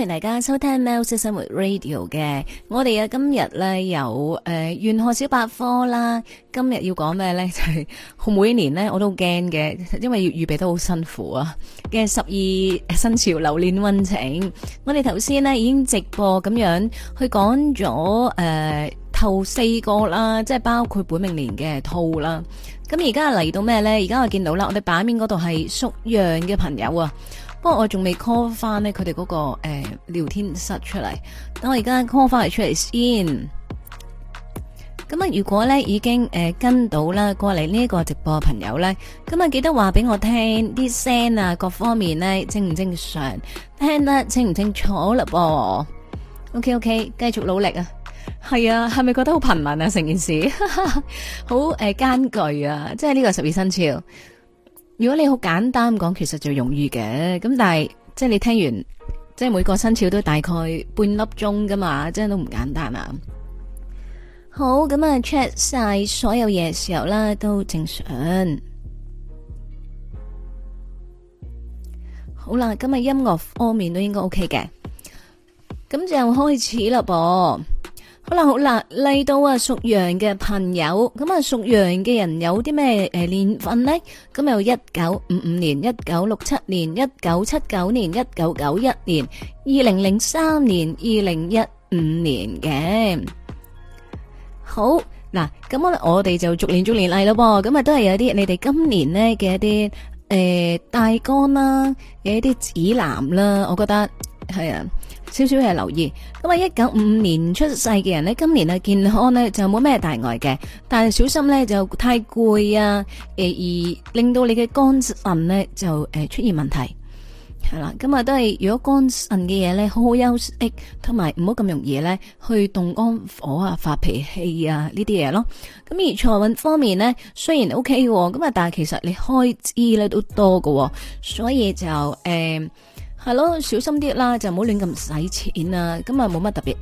歡迎大家收聽《喵式生活 Radio》嘅，我哋啊今日咧有誒《玄、呃、學小百科》啦，今日要講咩咧？就係、是、每年咧我都好驚嘅，因為要預備得好辛苦啊。嘅十二生肖流年運程，我哋頭先呢已經直播咁樣去講咗誒頭四個啦，即係包括本命年嘅兔啦。咁而家嚟到咩咧？而家我見到啦，我哋版面嗰度係屬羊嘅朋友啊。不過我仲未 call 翻佢哋嗰個誒聊天室出嚟，等我而家 call 翻嚟出嚟先。咁啊，如果咧已經誒跟到啦，過嚟呢個直播嘅朋友咧，咁啊記得話俾我聽啲聲啊，各方面咧正唔正常，聽得清唔清楚嘞噃，OK OK，繼續努力啊！係啊，係咪覺得好頻密啊？成件事， 好誒艱巨啊！即係呢個十二生肖。如果你好簡單講，其實就容易嘅，咁但係即係你聽完，即係每個生肖都大概半粒鐘噶嘛，真係都唔簡單啊！好咁啊，check 晒所有嘢嘅時候啦，都正常。好啦，今日音樂方面都應該 OK 嘅，咁就開始啦噃。好啦，好啦，嚟到啊，屬羊嘅朋友，咁啊，屬羊嘅人有啲咩誒年份呢？咁又一九五五年、一九六七年、一九七九年、一九九一年、二零零三年、二零一五年嘅。好，嗱，咁我我哋就逐年逐年嚟咯噃，咁啊都係有啲你哋今年呢嘅一啲誒大綱啦，嘅一啲指南啦，我覺得。係啊，少少嘅留意。咁啊，一九五五年出世嘅人呢，今年嘅健康呢就冇咩大礙嘅，但係小心呢就太攰啊，誒而令到你嘅肝腎呢就誒、呃、出現問題，係啦、啊。咁啊都係如果肝腎嘅嘢呢，好好休息，同埋唔好咁容易呢去動肝火啊，發脾氣啊呢啲嘢咯。咁而財運方面呢，雖然 O K 喎，咁啊但係其實你開支呢都多喎，所以就誒。呃係咯，小心啲啦，就唔好亂咁使錢啦。咁啊，冇乜特別。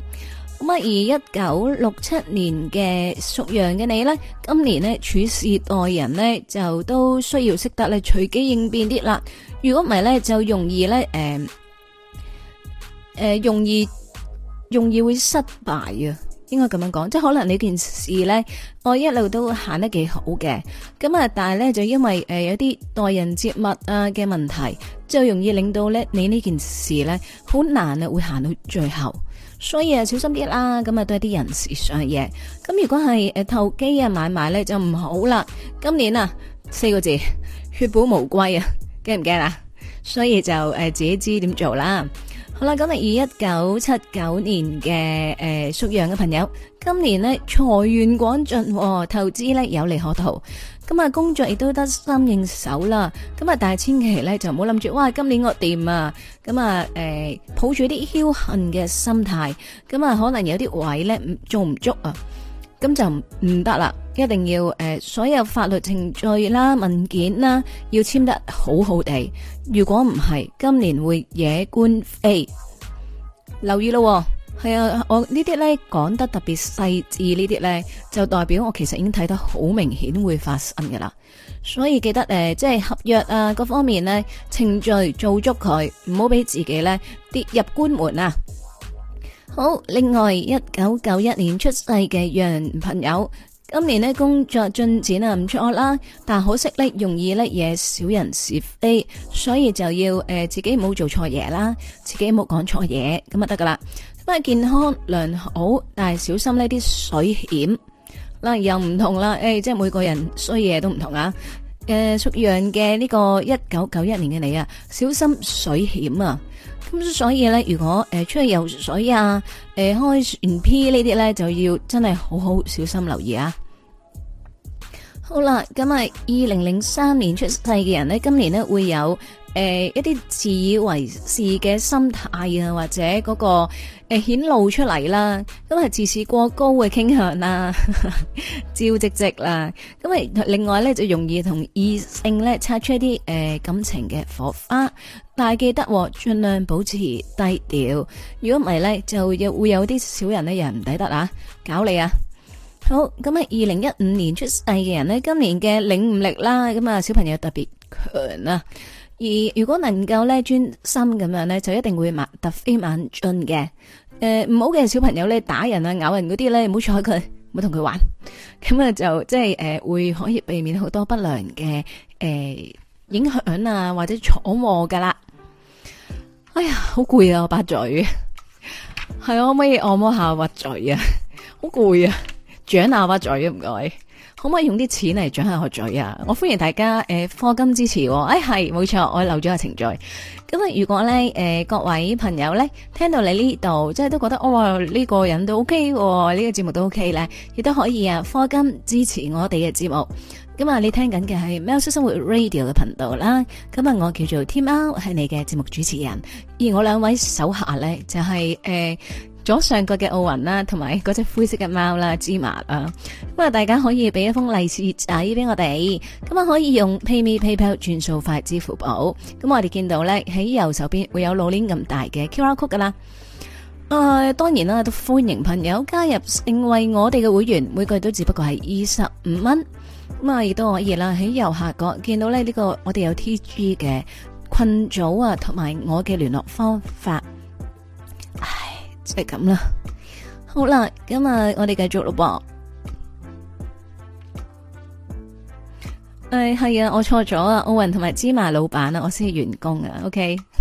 咁啊，而一九六七年嘅屬羊嘅你呢？今年呢，處事待人呢，就都需要識得咧隨機應變啲啦。如果唔係呢，就容易呢，誒、呃、誒、呃，容易容易會失敗啊。應該咁樣講，即係可能你件事呢，我一路都行得幾好嘅，咁啊，但係呢，就因為誒、呃、有啲待人接物啊嘅問題，就容易令到呢，你呢件事呢，好難啊會行到最後，所以啊小心啲啦，咁啊都係啲人事上嘅嘢，咁如果係誒、呃、投機啊買賣呢就唔好啦，今年啊四個字血本無歸啊，驚唔驚啊？所以就誒、呃、自己知點做啦。好啦，咁啊，以一九七九年嘅誒，屬羊嘅朋友，今年呢財源廣進，哦，投資呢有利可圖，咁、嗯、啊，工作亦都得心應手啦，咁、嗯、啊，但係千祈呢就唔好諗住，哇今年我掂啊，咁啊誒抱住啲僥倖嘅心態，咁、嗯、啊可能有啲位呢做唔足啊。咁就唔得啦，一定要誒、呃，所有法律程序啦、文件啦，要簽得好好地。如果唔係，今年會惹官非。留意咯，係啊，我呢啲呢講得特別細致，呢啲呢就代表我其實已經睇得好明顯會發生噶啦。所以記得誒，即係合約啊，各方面呢程序做足佢，唔好俾自己呢跌入官門啊。好，另外一九九一年出世嘅羊朋友，今年工作進展啊唔錯啦，但可惜容易呢惹小人是非，所以就要誒自己唔好做錯嘢啦，自己冇講錯嘢咁就得噶啦。不過健康良好，但係小心呢啲水險嗱，又唔同啦，誒、哎、即係每個人衰嘢都唔同啊。誒，屬羊嘅呢個一九九一年嘅你啊，小心水險啊！咁所以咧，如果誒、呃、出去游水啊，誒、呃、開船 P 呢啲咧，就要真係好好小心留意啊！好啦，咁啊，二零零三年出世嘅人呢，今年呢會有。誒、呃，一啲自以為是嘅心態啊，或者嗰、那個誒顯、呃、露出嚟啦，咁係自視過高嘅傾向啦，照直直啦。咁啊，另外咧就容易同異性咧擦出一啲誒、呃、感情嘅火花，但係記得盡、哦、量保持低調。如果唔係咧，就又會有啲小人咧又唔抵得啊，搞你啊。好，咁、嗯、啊，二零一五年出世嘅人咧，今年嘅領悟力啦，咁、嗯、啊，小朋友特別強啊。而如果能夠咧專心咁樣咧，就一定會突飛猛進嘅。誒、呃，唔好嘅小朋友咧打人啊、咬人嗰啲咧，唔好睬佢，唔好同佢玩。咁啊就即係誒會可以避免好多不良嘅誒、呃、影響啊或者闖禍噶啦。哎呀，好攰啊！我把嘴，係可唔可以按摩下我把嘴 啊？好攰啊！掌下把嘴唔該。可唔可以用啲錢嚟掌下學嘴啊？我歡迎大家誒，課金支持。誒、哎、係，冇錯，我漏咗個程序。咁啊，如果咧誒，各位朋友咧聽到你呢度，即係都覺得哦呢、這個人都 OK，呢、這個節目都 OK 咧，亦都可以啊課金支持我哋嘅節目。咁啊，你聽緊嘅係喵式生活 Radio 嘅頻道啦。咁啊，我叫做天喵係你嘅節目主持人，而我兩位手下咧就係、是、誒。呃左上角嘅奧運啦，同埋嗰隻灰色嘅貓啦，芝麻啊，咁啊大家可以俾一封利是仔俾我哋，咁啊可以用 PayMe、PayPal、轉數快、支付寶，咁我哋見到呢，喺右手邊會有老年咁大嘅 QR code 噶啦，誒、呃、當然啦都歡迎朋友加入成為我哋嘅會員，每個月都只不過係二十五蚊，咁啊亦都可以啦喺右下角見到呢，呢個我哋有 TG 嘅群組啊，同埋我嘅聯絡方法。就係咁啦，好啦，今日我哋繼續咯噃。誒，係啊，我錯咗啊，奧運同埋芝麻老闆啊，我先係員工啊，OK 好。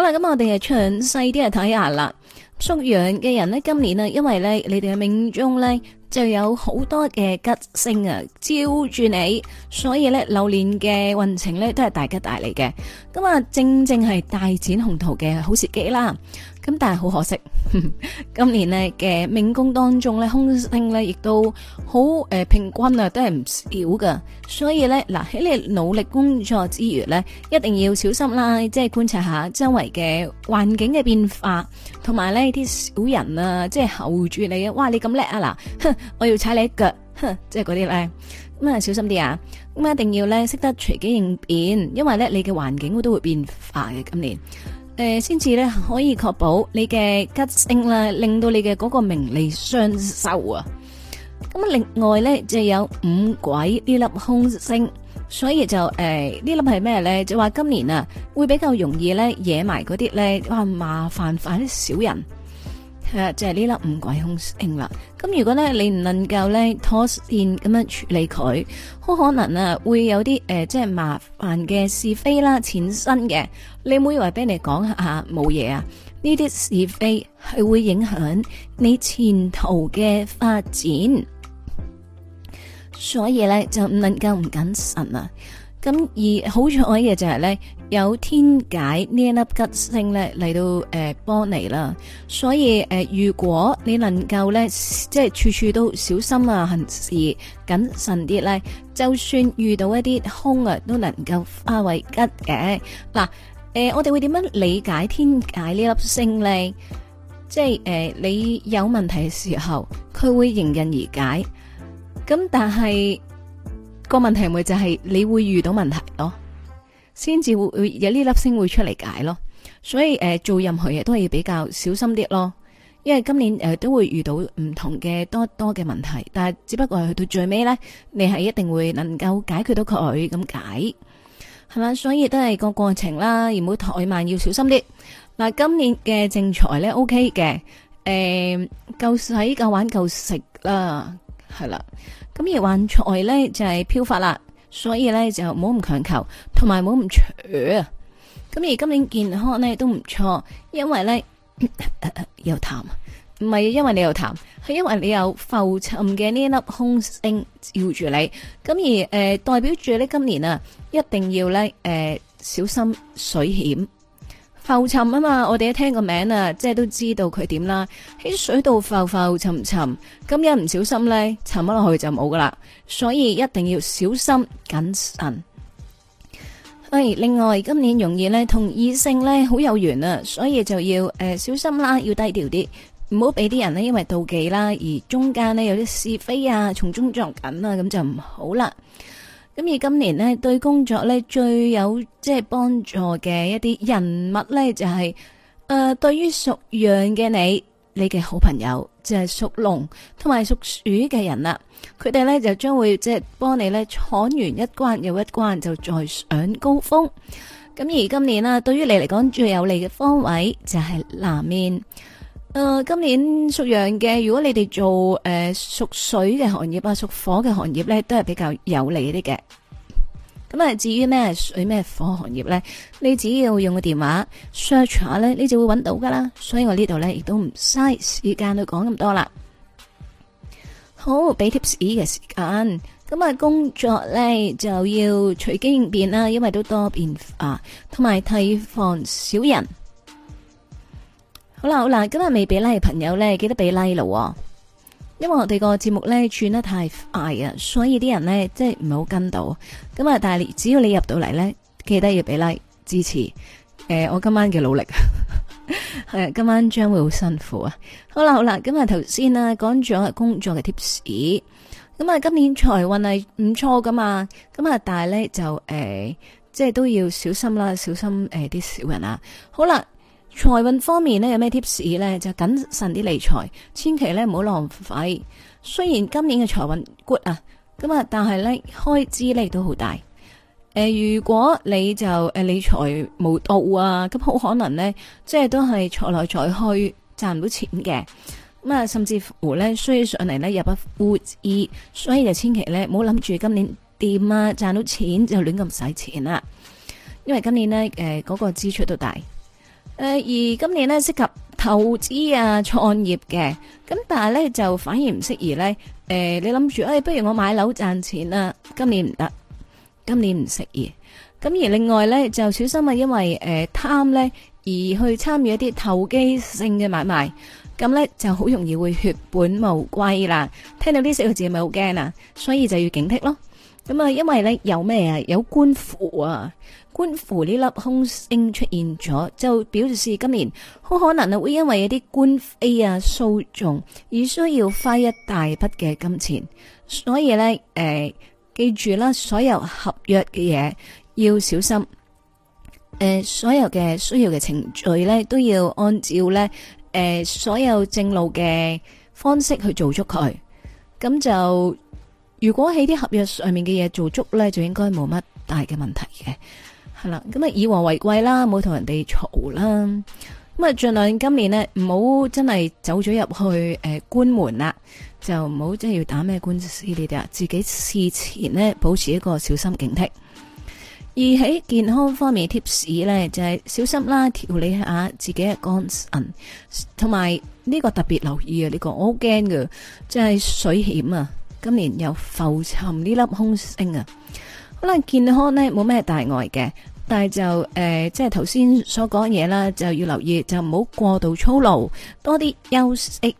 好啦，咁我哋啊詳細啲嚟睇下啦。屬羊嘅人呢，今年啊，因為咧你哋嘅命中咧就有好多嘅吉星啊，照住你，所以咧，流年嘅運程咧都係大吉大利嘅。咁啊，正正係大展宏圖嘅好時機啦。咁但係好可惜，呵呵今年呢嘅命宮當中咧，空星咧亦都好誒、呃，平均啊都係唔少噶。所以咧，嗱，喺你努力工作之餘咧，一定要小心啦，即係觀察下周圍嘅環境嘅變化，同埋咧啲小人啊，即係猴住你啊！哇，你咁叻啊！嗱，我要踩你一腳，即係嗰啲咧，咁、嗯、啊小心啲啊！咁、嗯、啊一定要咧識得隨機應變，因為咧你嘅環境都會變化嘅，今年。誒、呃，先至咧可以確保你嘅吉星啦、啊，令到你嘅嗰個名利雙收啊！咁另外咧就有五鬼呢粒凶星，所以就誒、呃、呢粒係咩咧？就話今年啊會比較容易咧惹埋嗰啲咧，話麻煩犯啲小人。係啊，就係呢粒五鬼凶星啦。咁如果咧你唔能夠咧妥善咁樣處理佢，好可能啊會有啲誒、呃、即係麻煩嘅是非啦，纏身嘅。你唔好以為俾你講下冇嘢啊，呢啲是非係會影響你前途嘅發展。所以咧就唔能夠唔謹慎啊。咁而好彩嘅就係咧，有天解呢一粒吉星咧嚟到誒，幫你啦。所以誒，如果你能夠咧，即係處處都小心啊，行事謹慎啲咧，就算遇到一啲凶啊，都能夠化為吉嘅。嗱，誒，我哋會點樣理解天解呢一粒星咧？即係誒，你有問題嘅時候，佢會迎刃而解。咁但係，個問題咪就係你會遇到問題咯，先至會有呢粒星會出嚟解咯，所以誒，做任何嘢都係要比較小心啲咯，因為今年誒都會遇到唔同嘅多多嘅問題，但係只不過係去到最尾呢，你係一定會能夠解決到佢咁解，係咪？所以都係個過程啦，而唔好怠慢，要小心啲。嗱，今年嘅正財呢，OK 嘅，誒，夠使夠玩夠食啦，係啦。咁而橫財咧就係、是、飄發啦，所以咧就唔好咁強求，同埋唔好咁扯啊！咁而今年健康咧都唔錯，因為咧又淡，唔係、 呃、因為你又淡，係因為你有浮沉嘅呢粒空星照住你，咁而誒、呃、代表住咧今年啊，一定要咧誒、呃、小心水險。浮沉啊嘛，我哋一聽個名啊，即係都知道佢點啦。喺水度浮浮沉沉，咁一唔小心呢，沉咗落去就冇噶啦。所以一定要小心謹慎。另外今年容易呢，同異性呢好有緣啊，所以就要誒、呃、小心啦，要低調啲，唔好俾啲人呢因為妒忌啦，而中間呢有啲是非啊，從中作梗啊，咁就唔好啦。咁而今年呢對工作呢最有即係幫助嘅一啲人物呢就係誒，對於屬羊嘅你，你嘅好朋友即係屬龍同埋屬鼠嘅人啦，佢哋呢，就將會即係幫你呢，闖完一關又一關，就再上高峰。咁而今年呢，對於你嚟講最有利嘅方位就係南面。誒、呃，今年屬羊嘅，如果你哋做誒屬、呃、水嘅行業啊，屬火嘅行業咧，都係比較有利啲嘅。咁啊，至於咩水咩火行業咧，你只要用個電話 search 下咧，你就會揾到噶啦。所以我呢度咧，亦都唔嘥時間去講咁多啦。好，俾 tips 嘅時間。咁啊，工作咧就要隨機應變啦，因為都多變啊，同埋提防小人。好啦好啦，今日未俾 like 嘅朋友咧，記得俾 like 咯。因為我哋個節目咧轉得太快啊，所以啲人咧即係唔係好跟到。咁啊，但係只要你入到嚟咧，記得要俾 like 支持。誒、呃，我今晚嘅努力係 今晚將會好辛苦啊。好啦好啦，咁啊頭先啊講咗工作嘅 tips，咁啊今年財運係唔錯㗎嘛。咁啊但係咧就誒、呃、即係都要小心啦，小心誒啲、呃、小人啊。好啦。財運方面咧有咩 tips 咧就謹慎啲理財，千祈咧唔好浪費。雖然今年嘅財運 good 啊，咁啊，但係咧開支咧都好大。誒、呃，如果你就誒、呃、理財無道啊，咁好可能咧，即係都係財來財去，賺唔到錢嘅。咁啊，甚至乎咧，需要上嚟咧入不敷意，所以就千祈咧唔好諗住今年掂啊賺到錢就亂咁使錢啦。因為今年咧誒嗰個支出都大。誒，而今年咧適合投資啊創業嘅，咁但係咧就反而唔適宜咧。誒，你諗住誒，不如我買樓賺錢啦，今年唔得，今年唔適宜。咁而另外咧就小心啊，因為誒貪咧而去參與一啲投機性嘅買賣，咁咧就好容易會血本無歸啦。聽到呢四個字係咪好驚啊？所以就要警惕咯。咁啊，因為咧有咩啊，有官府啊。官符呢粒空星出現咗，就表示今年好可能啊，會因為一啲官非啊訴訟而需要花一大筆嘅金錢。所以呢，誒、呃，記住啦，所有合約嘅嘢要小心。呃、所有嘅需要嘅程序呢都要按照呢、呃、所有正路嘅方式去做足佢。咁就如果喺啲合約上面嘅嘢做足呢，就應該冇乜大嘅問題嘅。係啦，咁啊以和為貴啦，冇同人哋嘈啦，咁啊盡量今年呢，唔好真係走咗入去誒官門啦，就唔好真係要打咩官司呢啲啊，自己事前呢保持一個小心警惕。而喺健康方面貼士呢，就係小心啦，調理下自己嘅肝腎，同埋呢個特別留意啊，呢個我好驚嘅，即係水險啊，今年又浮沉呢粒空星啊，好啦，健康呢冇咩大礙嘅。但係就誒、呃，即係頭先所講嘢啦，就要留意，就唔好過度操勞，多啲休息，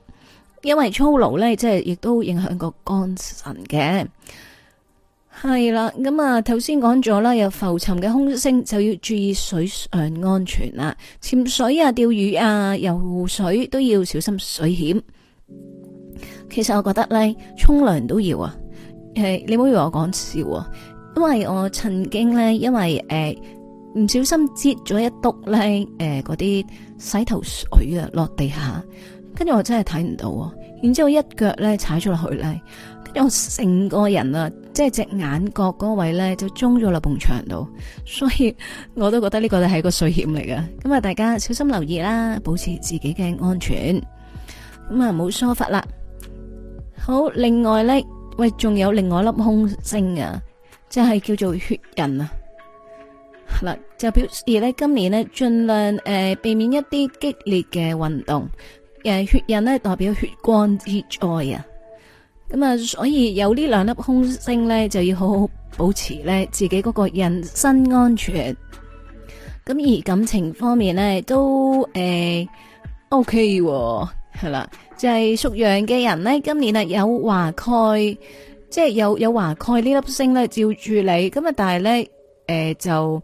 因為操勞呢，即係亦都影響個肝神嘅。係啦，咁、嗯、啊，頭先講咗啦，有浮沉嘅空聲，就要注意水上安全啦。潛水啊、釣魚啊、游湖水、啊、游湖水都要小心水險。其實我覺得呢，沖涼都要啊，誒、呃，你唔好以為我講笑啊。因為我曾經咧，因為誒唔、呃、小心擠咗一督咧，誒嗰啲洗頭水啊落地下，跟住我真係睇唔到。然之後一腳咧踩咗落去咧，跟住我成個人啊，即係隻眼角嗰位咧就中咗落埲牆度。所以我都覺得呢個咧係一個碎險嚟㗎。咁啊，大家小心留意啦，保持自己嘅安全。咁啊，冇疏忽啦。好，另外咧，喂，仲有另外粒空星啊！即、就、係、是、叫做血刃啊，嗱 就表示咧今年咧盡量誒、呃、避免一啲激烈嘅運動，誒、呃、血刃咧代表血光血災啊，咁啊所以有呢兩粒空星咧就要好好保持咧自己嗰個人身安全，咁而感情方面咧都誒 O K 係啦，呃 Okay 哦、 就係屬羊嘅人咧今年啊有華蓋。即係有有華蓋呢粒星咧照住你，咁啊，但係咧誒就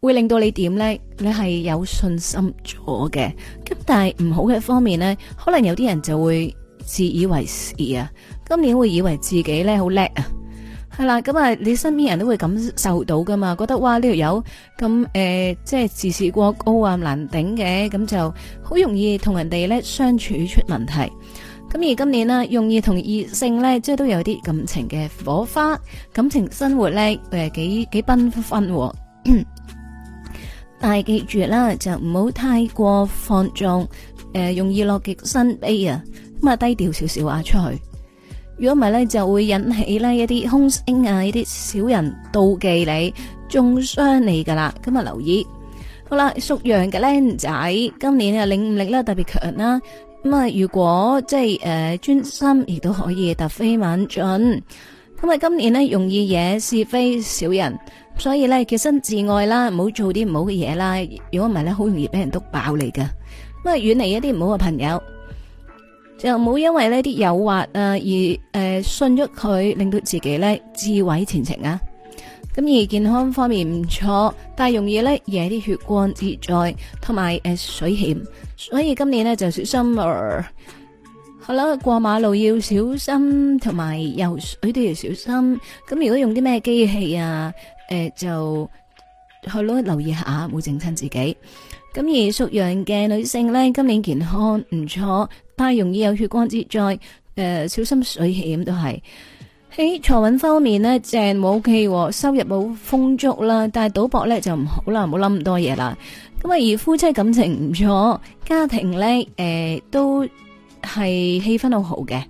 會令到你點咧？你係有信心咗嘅，咁但係唔好嘅方面咧，可能有啲人就會自以為是啊。今年會以為自己咧好叻啊，係啦，咁啊，你身邊人都會感受到噶嘛，覺得哇呢條友咁誒，即係自視過高啊，難頂嘅，咁就好容易同人哋咧相處出問題。咁而今年呢，容易同異性呢，即係都有啲感情嘅火花，感情生活呢誒幾幾繽紛。但係記住啦，就唔好太過放縱，誒容易落極生悲啊！咁、嗯、啊低調少少啊出去。如果唔係呢，就會引起呢一啲兇星啊，一啲小人妒忌你，中傷你噶啦。咁、嗯、啊留意。好啦，屬羊嘅靚仔，今年嘅領悟力呢，特別強啦。咁啊，如果即係誒專心，亦都可以突飛猛進。咁啊，今年呢，容易惹是非小人，所以咧，潔身自愛啦，唔好做啲唔好嘅嘢啦。如果唔係咧，好容易俾人督爆你㗎。咁啊，遠離一啲唔好嘅朋友，就唔好因為呢啲誘惑啊而誒、呃、信咗佢，令到自己咧自毀前程啊！咁而健康方面唔錯，但係容易咧惹啲血光之災同埋誒水險，所以今年咧就小心啦，呃。好啦，過馬路要小心，同埋游水都要小心。咁如果用啲咩機器啊，誒、呃、就、好、呃、啦，留意下，冇整親自己。咁而屬羊嘅女性咧，今年健康唔錯，但係容易有血光之災，誒、呃、小心水險都係。喺財運方面咧，正冇 OK，收入冇豐足啦。但係賭博咧就唔好啦，唔好諗咁多嘢啦。咁啊，而夫妻感情唔錯，家庭咧誒都係氣氛好好嘅。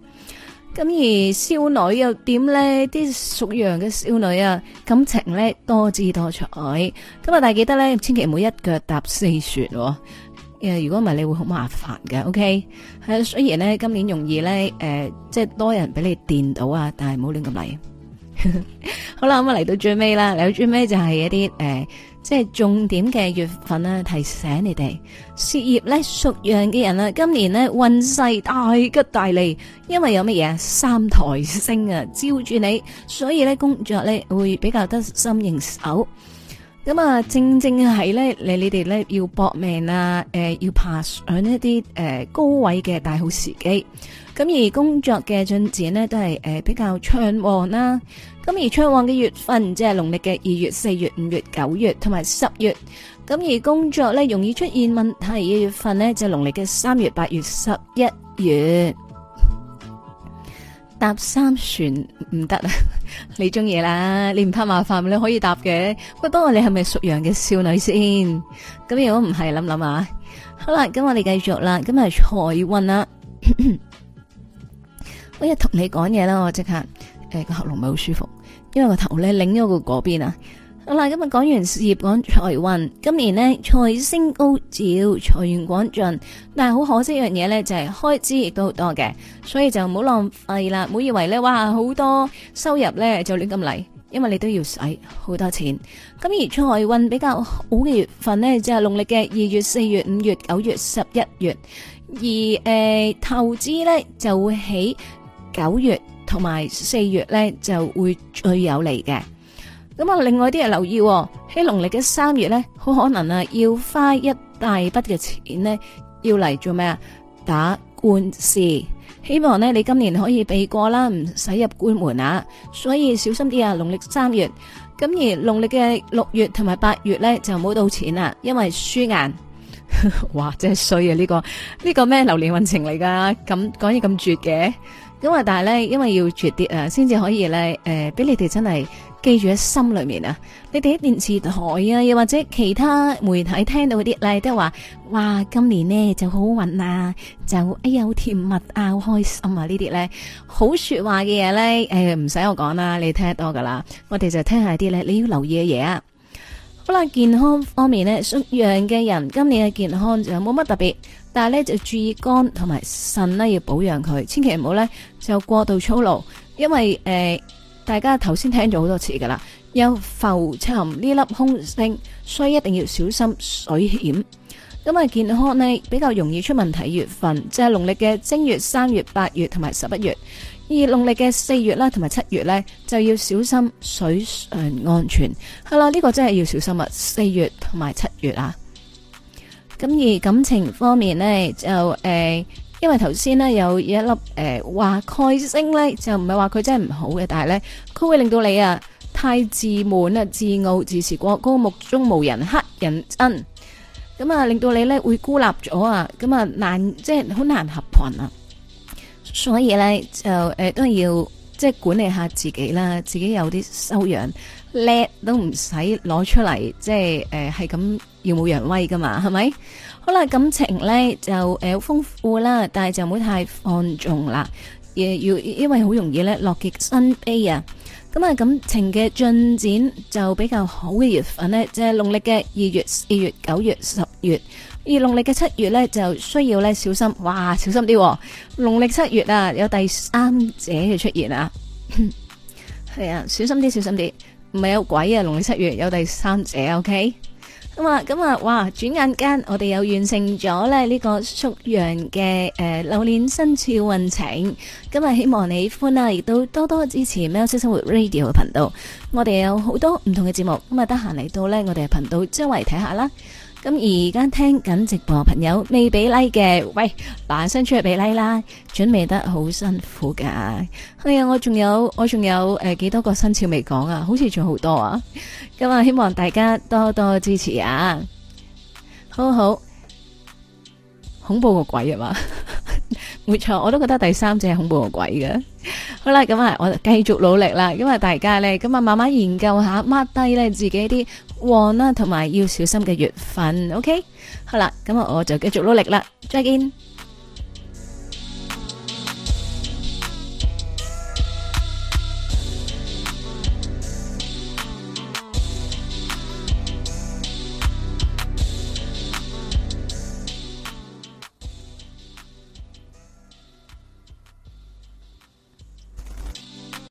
咁而少女又點咧？啲屬羊嘅少女啊，感情咧多姿多彩。咁啊，但係記得咧，千祈唔好一腳踏四船。誒，如果唔係你會好麻煩嘅，OK，係雖然咧今年容易咧，誒、呃，即係多人俾你電到啊，但係唔 好亂咁嚟。好、嗯、啦，咁啊嚟到最尾啦，嚟到最尾就係一啲誒、呃，即係重點嘅月份啦、啊，提醒你哋事業咧屬羊嘅人啦、啊，今年呢，運勢大吉大利，因為有乜嘢三台星啊照住你，所以咧工作咧會比較得心應手。咁啊，正正係咧，你你哋咧要搏命啊！誒、呃，要爬上一啲誒、呃、高位嘅大好時機。咁而工作嘅進展呢，都係誒、呃、比較暢旺啦。咁而暢旺嘅月份即係農曆嘅二月、四月、五月、九月同埋十月。咁而工作咧容易出現問題嘅月份呢，就係農曆嘅三月、八月、十一月。搭三船唔得啊！ 你中意啦，你唔怕麻煩，你可以搭嘅。喂，不過，不過你係咪屬羊嘅少女先？咁如果唔係，諗諗啊！好啦，咁我哋繼續啦。今日財運啦，我要同你講嘢啦。我即刻，誒、呃、個喉嚨唔係好舒服，因為頭呢領個頭咧擰咗個嗰邊啊。好啦，今日講完事業，講財運。今年呢，財星高照，財源廣進，但係好可惜一樣嘢呢，就係、是、開支亦都好多嘅，所以就唔好浪費啦，唔好以為呢，哇好多收入呢就亂咁嚟，因為你都要使好多錢。咁而財運比較好嘅月份呢，就係農曆嘅二月、四月、五月、九月、十一月。而誒、呃、投資呢，就會喺九月同埋四月呢，就會最有利嘅。.咁啊！另外啲人留意喎、哦，喺農曆嘅三月咧，好可能啊，要花一大筆嘅錢咧，要嚟做咩啊？打官司，希望咧你今年可以避過啦，唔使入官門啊！所以小心啲啊，農曆三月。咁而農曆嘅六月同埋八月咧，就冇到錢啦，因為輸硬。 哇！真係衰啊！呢、這個呢、這個咩流年運程嚟噶？咁講嘢咁絕嘅，咁啊，但係咧，因為要絕啲啊，先至可以咧，誒、呃，俾你哋真係。記住喺心裏面啊！你哋喺電視台啊，又或者其他媒體聽到嗰啲咧，都係話，哇，今年呢就好好運啊，就，哎呀，好甜蜜啊，好開心啊，呢啲咧，好說話嘅嘢咧，誒，唔使我講啦，你聽得多噶啦。我哋就聽下啲咧，你要留意嘅嘢啊。好啦，健康方面咧，屬羊嘅人今年嘅健康就冇乜特別，但係咧就注意肝同埋腎咧要保養佢，千祈唔好咧就過度操勞，因為誒。呃大家頭先聽咗好多次噶啦，有浮沉呢粒空星，所以一定要小心水險。咁啊，健康呢比較容易出問題月份，即係農曆嘅正月、三月、八月同埋十一月。而農曆嘅四月啦同埋七月呢，就要小心水上安全。係啦，呢個真係要小心啊！四月同埋七月啊，咁而感情方面呢，就誒。呃因為頭先咧有一粒誒華蓋星咧，就唔係話佢真係唔好嘅，但係呢，佢會令到你啊太自滿啊、自傲、自視過高、目中無人、黑人憎，咁啊令到你呢會孤立咗啊，咁啊難，即係好難合群啊，所以呢，就誒、呃、都係要即係管理下自己啦，自己有啲修養叻都唔使攞出嚟，即係誒係咁。呃耀武揚威噶嘛，係咪好啦？感情咧就誒，好豐富啦，但係就唔好太放縱啦。要因為好容易咧，樂極生悲啊。咁啊，感情嘅進展就比較好嘅月份呢，即係農曆嘅二月、二月、九月、十月。而農曆嘅七月咧，就需要咧小心。哇，小心啲、啊！農曆七月啊，有第三者嘅出現啊，係 啊，小心啲，小心啲，唔係有鬼啊！農曆七月有第三者，OK？咁、嗯、啊，咁啊，哇！轉眼間我哋又完成咗咧呢個屬羊嘅誒流年生肖運程。咁啊，希望你歡啦，亦都多多支持喵式生活 Radio 嘅頻道。我哋有好多唔同嘅節目，咁啊，得閒嚟到呢我哋嘅頻道周圍睇下啦。咁而家聽緊直播朋友未俾 like 嘅，喂，快生出嚟俾 like 啦！準備得好辛苦噶，係、哎、我仲有我仲有誒、呃、幾多個生肖未講啊，好似仲好多啊，咁啊，希望大家多多支持啊！好好，恐怖個鬼啊嘛？ 沒錯，我都覺得第三者係恐怖個鬼嘅。好啦，咁啊，我繼續努力啦，因為大家咧，咁啊，慢慢研究下，抹低咧自己啲旺啦，同埋要小心嘅月份，OK？好啦，咁啊，我就繼續努力啦，再見。